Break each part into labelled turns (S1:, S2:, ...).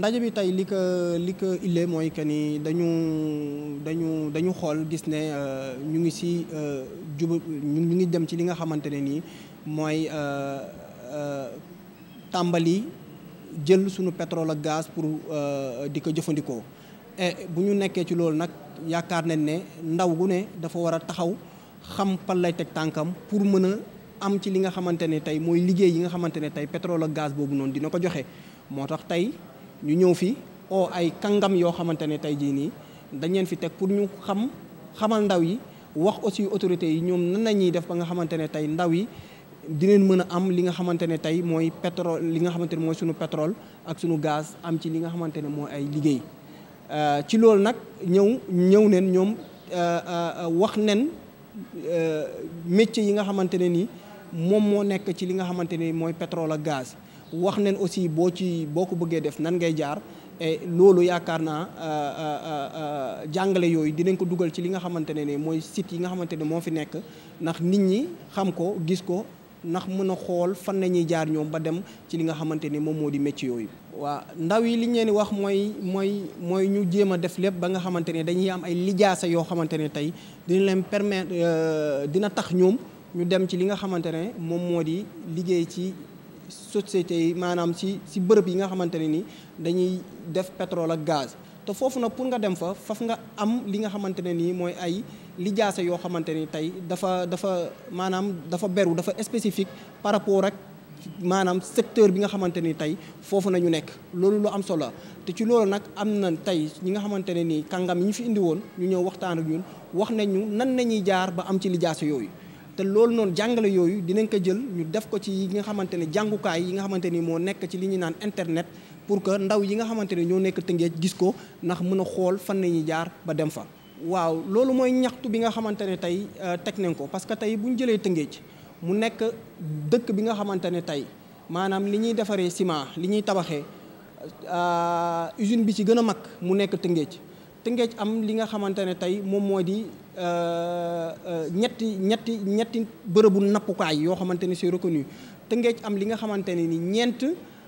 S1: ndaje bi tey li ko li ko illee mooy que ni dañu dañu dañu xool gis ne euh, ñu ngi si euh, jub ñu ngi dem ci li nga xamante ne nii mooy euh, tàmbali jël suñu pétrole ak gaz pour di ko jëfandikoo. et bu ñu nekkee ci loolu nag yaakaar nañ ne ndaw gu ne dafa war a taxaw. xam fan lay teg tànkam pour mën a am ci li nga xamante ne tey mooy liggéey yi nga xamante ne tey pétrole ak gaz boobu noonu dina ko joxe moo tax tey ñu ñëw fi oo ay kàngam yoo xamante ne tey jii nii dañ leen fi teg pour ñu xam xamal ndaw yi wax aussi autorités yi ñoom nan la ñuy def ba nga xamante ne tey ndaw yi dineen mën a am li nga xamante ne tey mooy pétrole li nga xamante ne mooy sunu pétrole ak sunu gaz am ci li nga xamante ne mooy ay liggéey euh, ci loolu nag ñëw ñëw neen ñoom euh, euh, wax nen Euh, métier yi nga xamante ne ni moom moo nekk ci li nga xamante ne mooy pétrole ak gaz wax nañ aussi boo ci boo ko bëggee def nan ngay jaar et loolu yaakaar naa euh, euh, jàngale yooyu dinañ ko dugal ci li nga xamante ne ni mooy site yi nga xamante ne moo fi nekk ndax nit ñi xam ko gis ko. ndax mën a xool fan la ñuy jaar ñoom ba dem ci li nga xamante ni moom moo di métier yooyu. waa ndaw yi liñ leen di wax mooy mooy mooy ñu jéem a def lépp ba nga xamante ne dañuy am ay lijaasa yoo xamante ne tey dina leen permettre euh, dina tax ñoom ñu dem ci li nga xamante ne moom moo di liggéey ci. société yi maanaam si si bërëb yi nga xamante ne ni dañuy def pétrole ak gaz te foofu nag pour nga dem fa faf nga am li nga xamante ne nii mooy ay li yoo xamante ni tey dafa dafa maanaam dafa beru dafa spécifique par rapport ak maanaam secteur bi nga xamante ni tey foofu nañu nekk loolu lu am solo te ci loolu nag am na tey ñi nga xamante ne nii kàngam yi ñu fi indi woon ñu ñëw waxtaan ak ñun wax nañu nan nañuy jaar ba am ci li jaase yooyu te loolu noonu jàngale yooyu dinañ ko jël ñu def ko ci yi nga xamante ne jàngukaay yi nga xamante ni moo nekk ci li ñuy naan internet pour que ndaw yi nga xamante ne ñoo nekk tëngéej gis ko ndax mën a xool fan nañuy jaar ba dem fa Wow, loolu mooy ñaxtu bi nga xamante ne tey euh, teg nañ ko parce que tey bu ñu jëlee tëngeej mu nekk dëkk bi nga xamante ne tey maanaam li ñuy defaree ciment li ñuy tabaxee euh, usine bi ci gën a mu nekk tëngeej tëngeej am li nga xamante ne tey moom moo di euh, ñetti ñetti ñetti bërëbu nappukaay yoo xamante ne reconnu tëngeej am li nga xamante ne ni ñeent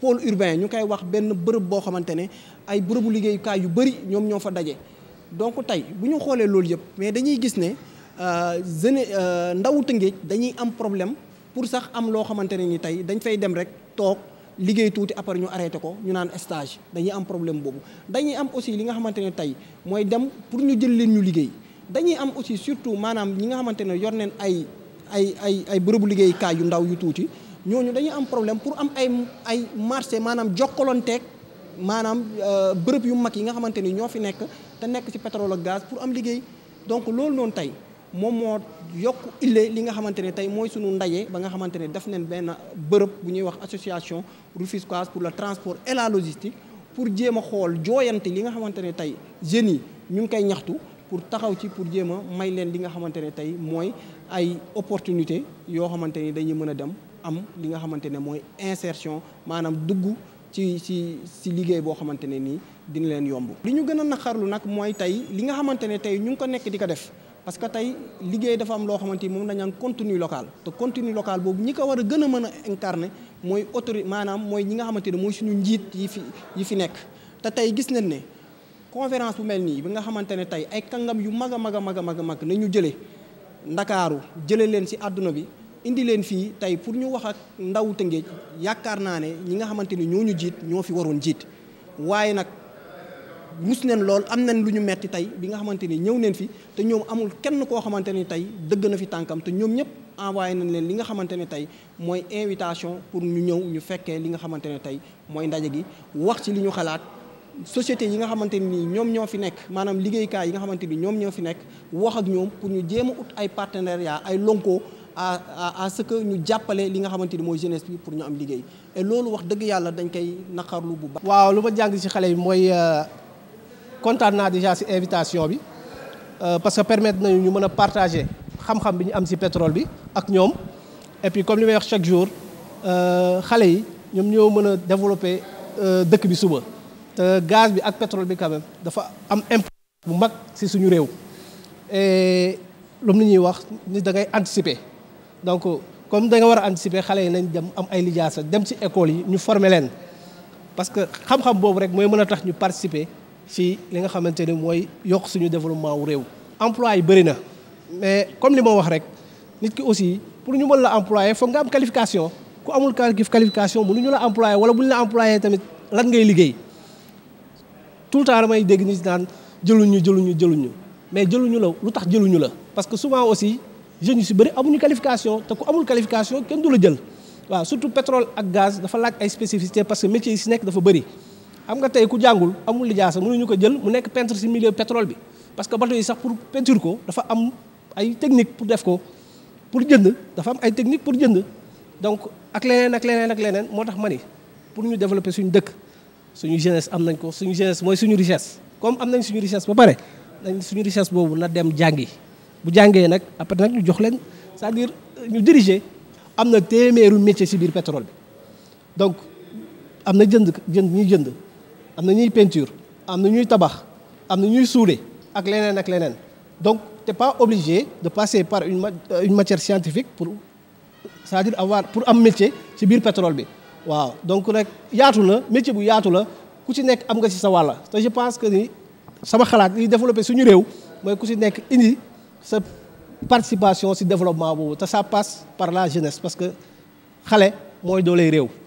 S1: pôle urbain ñu koy wax benn bërëb boo xamante ne ay bërëbu liggéeyukaay yu bëri ñoom ñoo fa daje donc tey bu ñu xoolee loolu yëpp mais dañuy gis ne euh, jeune euh, ndawu Tëngéej dañuy am problème pour sax am loo xamante ne ni tey dañ fay dem rek toog liggéey tuuti après ñu arrêté ko ñu naan stage dañuy am problème boobu dañuy am aussi li nga xamante ne tey mooy dem pour ñu jël leen ñu liggéey dañuy am aussi surtout maanaam ñi nga xamante ne yor neen ay ay ay ay bërëbu liggéeyukaay yu ndaw yu tuuti ñooñu dañuy am problème pour am ay ay marché maanaam jokkalanteeg maanaam euh, bërëb yu mag yi nga xamante ni ñoo fi nekk te nekk ci pétrole ak gaz pour am liggéey donc loolu noonu tey moom moo yokk ille li nga xamante ne tey mooy sunu ndajee ba nga xamante ne def nañ benn bërëb bu ñuy wax association rufisquoise pour le transport et logistique pour jéem xool jooyante li nga xamante ne tey jeunes yi ñu ngi koy ñaxtu pour taxaw ci pour jéem a may leen li nga xamante ne tey mooy ay opportunité yoo xamante ni dañuy mën a dem am li nga xamante ne mooy insertion maanaam dugg ci ci ci liggéey boo xamante ne nii dina leen yomb. li ñu gën a naqarlu nag mooy tey li nga xamante ne tey ñu ngi ko nekk di ko def parce que tey liggéey dafa am loo xamante ni moom la ñu naan local te contenu local boobu ñi ko war a gën a mën a incarner mooy autorité maanaam mooy ñi nga xamante ne mooy suñu njiit yi fi yi fi nekk te tey gis nañ ne. conférence bu mel nii bi nga xamante ne tey ay kàngam yu mag a mag a mag a mag mag na jëlee ndakaaru jëlee leen ci àdduna bi indi leen fii tey pour ñu wax ak ndaw Tëngéej yaakaar naa ne ñi nga xamante ni ñoo ñu jiit ñoo fi waroon jiit waaye nag mus neen lool am nañ lu ñu metti tey bi nga xamante ni ñëw neen fi te ñoom amul kenn koo xamante ni tey dëgg na fi tànkam te ñoom ñëpp envoyé nañ leen li nga xamante ne tey mooy invitation pour ñu ñëw ñu fekkee li nga xamante ne tey mooy ndaje gi wax ci li ñu xalaat société yi nga xamante ni ñoom ñoo fi nekk maanaam liggéeykaay yi nga xamante ni ñoom ñoo fi nekk wax ak ñoom pour ñu jéem a ut ay partenariat ay lonko à à ce que ñu jappalé li nga xamanteni moy jeunesse bi pour ñu am liguey et lolu wax deug yalla dañ koy nakarlu bu ba waaw lu ma jàng ci xalé moy mooy euh, kontaan déjà ci invitation bi euh, parce que
S2: permettre nañu ñu mëna partager xam-xam bi ñu am ci pétrole bi ak ñom et puis comme li may wax chaque jour euh xalé yi ñom ñoo mëna développer euh dëkk bi suba te gaz bi ak pétrole bi quand même dafa am impact bu mag ci suñu réew et lu mu ñuy wax ni da ngay anticiper donc comme da nga war anticiper xalé yi nañ dem am ay lijaasa dem ci école yi ñu former len parce que xam-xam bobu rek moy mëna tax ñu participer ci li nga xamanteni moy yok suñu développement wu réew. emploi yi bëri na mais comme li mo wax rek nit ki aussi pour ñu mëna la employé fo nga am qualification ku amul qualification mënu ñu la employé wala buñ la employé tamit lan ngay liggéey tout le temps may dégg nit naan jëluñu jëluñu jëluñu mais jëluñu la lutax tax jëluñu la parce que souvent aussi jeunes yu si amuñu qualification te ku amul qualification kenn du la jël waaw surtout pétrole ak gaz dafa laaj ay spécificité parce que métier yi si nekk dafa bëri xam nga tey ku jàngul amul lijaasa mënuñu ko jël mu nekk peintre si milieu pétrole bi parce que bateau yi sax pour peinture ko dafa am ay technique pour def ko pour jënd dafa am ay technique pour jënd donc ak leneen ak leneen ak leneen moo tax ma ni pour ñu développer suñu dëkk suñu jeunesse am nañ ko suñu jeunesse mooy suñu richesse comme am nañ suñu richesse ba pare nañ suñu richesse boobu na dem jàngi bu jàngee nag après nag ñu jox leen c'est-à-dire ñu diriger am na téeméeru métier ci biir pétrole bi donc am na jënd jënd ñuy jënd am na ñuy peinture am na ñuy tabax am na ñuy suude ak leneen ak leneen donc t'es pas obligé de passer par une euh, une matière scientifique pour c'est-à-dire avoir pour am métier ci biir pétrole bi waaw donc rek yaatu na métier bu yaatu la ku ci nekk am nga ci sa wàlla te je pense que ni sama xalaat liy développé suñu réew mooy ku ci nekk indi sa participation si développement boobu te ça passe par la jeunesse parce que xale mooy dooley réew